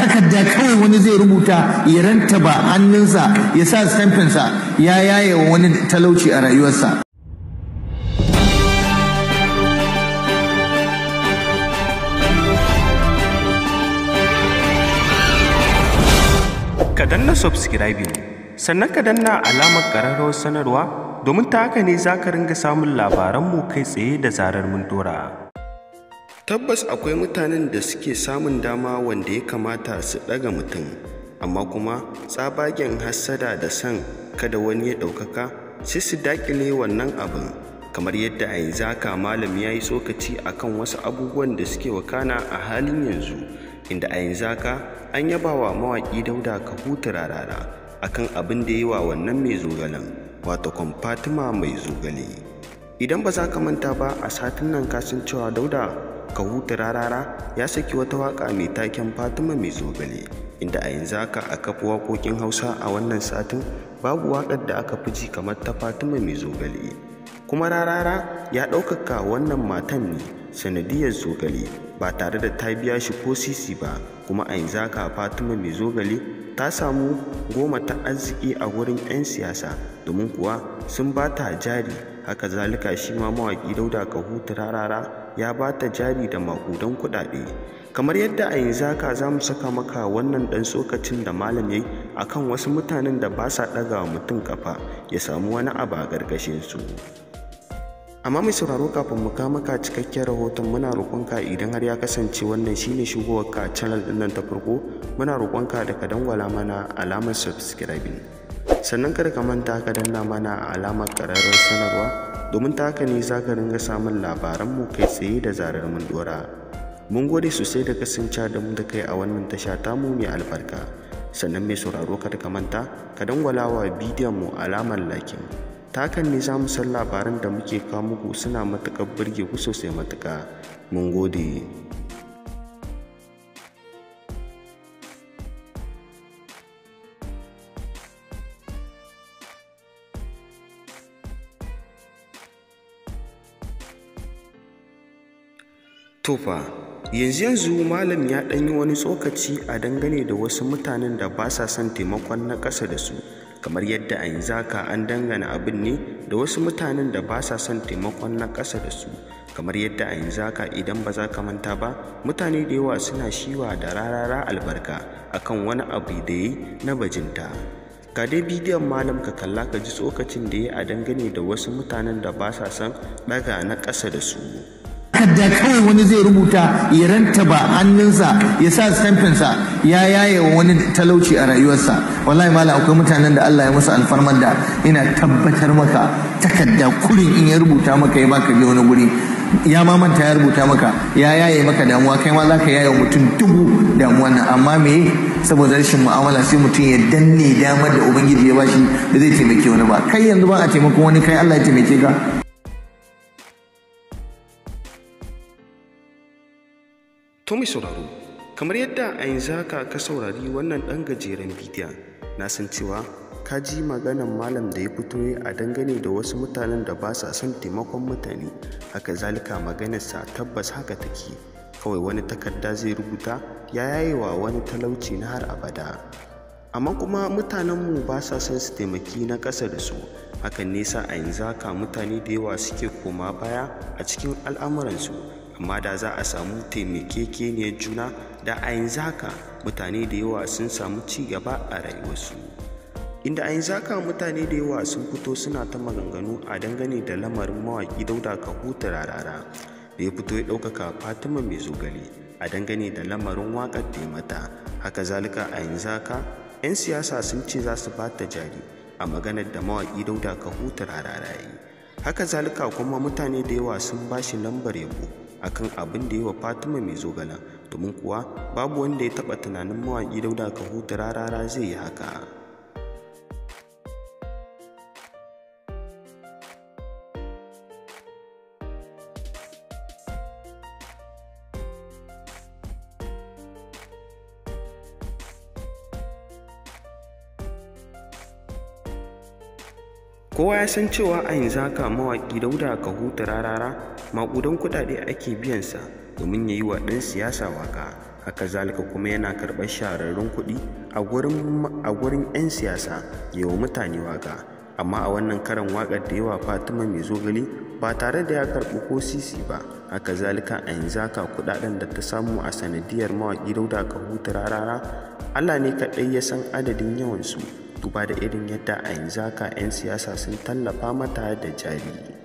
takarda kawai wani zai rubuta ya ranta ba hannunsa ya sa stamfinsa ya yaye wa wani talauci a rayuwarsa ka danna subscribing sannan ka danna alamar ƙararrawar sanarwa domin ta haka ne za ka ringa samun labaranmu kai tsaye da zarar mun dora tabbas akwai mutanen da suke samun dama wanda ya kamata su ɗaga mutum amma kuma tsabagen hassada da san kada wani ya ɗaukaka sai su daƙile wannan abin kamar yadda a yanzu haka malam ya yi tsokaci a kan wasu abubuwan da suke wakana a halin yanzu inda a yanzu haka an yaba wa mawaƙi dauda ka hutu rarara a kan abin da yi wa wannan mai zogalen wato kwamfatima mai zogale idan ba za ka manta ba a satin nan kasancewa dauda ka huta rarara ya saki wata waƙa mai taken fatima mai zogale inda a yanzu haka a kafa waƙoƙin hausa a wannan satin babu waƙar da aka fi ji kamar ta fatima mai zogale kuma rarara ya ɗaukaka wannan matan ne sanadiyar zogale ba tare da ta biya shi ko sisi ba kuma a yanzu haka fatima mai zogale ta samu goma ta arziki a wurin 'yan siyasa domin kuwa sun ba ta jari haka zalika shi ma mawaƙi dauda ka hutu rarara ya ba ta jari da makudan kuɗaɗe kamar yadda a yanzu haka za mu saka maka wannan ɗan tsokacin da malam yayi kan wasu mutanen da ba sa ɗaga mutum kafa ya samu wani abu a ƙarƙashin su amma mai sauraro kafin mu ka maka cikakken rahoton muna roƙonka idan har ya kasance wannan shine shigowar ka channel din nan ta farko muna roƙonka da ka dangwala mana alamar subscribing sannan kada ka manta ka danna mana alamar ƙararrar sanarwa domin ta haka ne za ka ringa samun labaranmu kai tsaye da zarar mun dora mun gode sosai da kasance da mu da kai a wannan tasha tamu mai albarka sannan mai sauraro kada ka manta ka dangwala wa bidiyon mu alamar lakin ta haka ne za mu san labaran da muke kawo muku suna matuƙar burge ku sosai matuƙa mun gode Tufa yanzu yanzu malam ya ɗan yi wani tsokaci a dangane da wasu mutanen da ba sa son taimakon na ƙasa da su kamar yadda a yanzu haka an dangana abin ne da wasu mutanen da ba sa son taimakon na ƙasa da su kamar yadda a yanzu haka idan ba za ka manta ba mutane da yawa suna shiwa da rarara albarka akan wani abu da yi na bajinta ka dai bidiyon malam ka kalla ka ji tsokacin da ya a dangane da wasu mutanen da ba sa son ɗaga na ƙasa da su takarda kawai wani zai rubuta ya ranta ba hannunsa ya sa stampinsa ya yaye wani talauci a rayuwarsa wallahi malam akwai mutanen da Allah ya musu alfarmar da ina tabbatar maka takadda kurin in ya rubuta maka ya baka je wani guri ya ma manta ya rubuta maka ya yaye maka damuwa kai ma zaka yaye mutum dubu damuwa nan amma me saboda rashin mu'amala sai mutum ya danne damar da ubangiji ya bashi da zai taimake wani ba kai yanzu ba a taimako wani kai Allah ya taimake ka To sauraro, kamar yadda a yanzu haka ka saurari wannan ɗan gajeren bidiyon, na san cewa ka ji maganan malam da ya fito a dangane da wasu mutanen da ba sa son taimakon mutane, haka zalika sa tabbas haka take. Kawai wani takarda zai rubuta ya yaye wa wani talauci na har abada. Amma kuma mutanenmu ba sa son su taimaki na ƙasa da su, hakan nesa a yanzu haka mutane da yawa suke koma baya a cikin al'amuransu. amma da za a samu taimakekeniyar juna da a haka mutane da yawa sun samu ci gaba a rayuwarsu inda a zaka mutane da yawa sun fito suna ta maganganu a dangane da lamarin mawaƙi dauda kahuta rarara da ya fito ya ɗaukaka fatima mai zogale a dangane da lamarin waƙar da mata haka zalika a yanzu haka 'yan siyasa sun ce za su bata jari a maganar da mawaƙi dauda kahuta rarara yi haka zalika kuma mutane da yawa sun bashi lambar yabo akan abin da ya wa fatima mai zogala domin kuwa babu wanda ya taɓa tunanin mawaƙi dauda kahuta rarara zai yi haka kowa ya san cewa a yanzu haka mawaƙi dauda huta rarara maƙudan kuɗaɗe ake biyansa domin ya yi wa ɗan siyasa waka haka zalika kuma yana karɓar shahararrun kuɗi a gurin 'yan siyasa ya wa mutane waka amma a wannan karan waƙar da yawa fatima mai zogale ba tare da ya karɓi ko sisi ba haka zalika a yanzu haka kuɗaɗen da ta samu a sanadiyar mawaƙi dauda ka hutu rarara allah ne kaɗai ya san adadin yawansu duba da irin yadda a yanzu haka 'yan siyasa sun tallafa mata da jari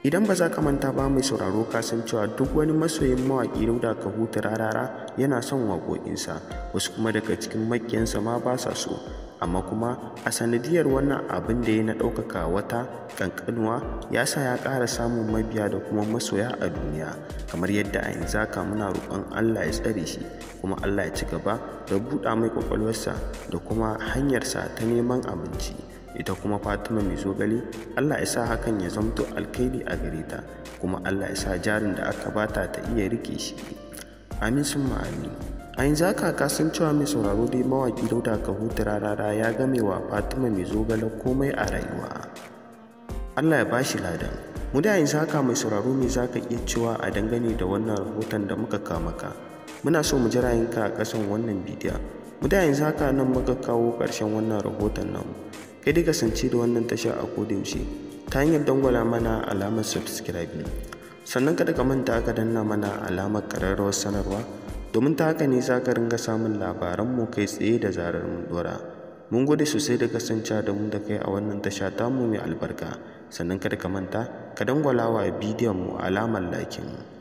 idan ba za ka manta ba mai sauraro ka cewa duk wani masoyin mawaƙi dauda ka huta rarara yana son waƙoƙinsa wasu kuma daga cikin makiyansa ma ba sa so amma kuma a sanadiyar wannan abin da ya na ɗaukaka wata ƙanƙanuwa ya sa ya ƙara samun mabiya da kuma masoya a duniya kamar yadda a yanzu haka muna roƙon Allah ya tsare shi kuma Allah ya ci gaba da buɗa mai ƙwaƙwalwarsa da kuma hanyarsa ta neman abinci ita kuma fatima mai zogale allah ya sa hakan ya zamto alkaidi a gare ta kuma allah ya sa jarin da aka bata ta iya rike shi amin sun amin a yanzu aka kasan cewa mai sauraro dai mawaki dauda ka hutu rarara ya game wa fatima mai zogale komai a rayuwa allah ya bashi ladan mu da yanzu haka mai sauraro mai zaka iya cewa a dangane da wannan rahoton da muka kamaka muna so mu ji ra'ayinka a ƙasan wannan bidiyon mu da yanzu haka nan muka kawo ƙarshen wannan rahoton namu kai dai kasance da wannan tasha a yaushe ta hanyar dangwala mana alamar subscribe sannan kada ka manta ka danna mana alamar kararrawar sanarwa domin ta haka ne za ka ringa samun labaranmu kai tsaye da zarar mun dora mun gode sosai da kasance da mu da kai a wannan tasha ta mu mai albarka sannan kada ka manta ka dangwala wa bidiyon mu alamar lakin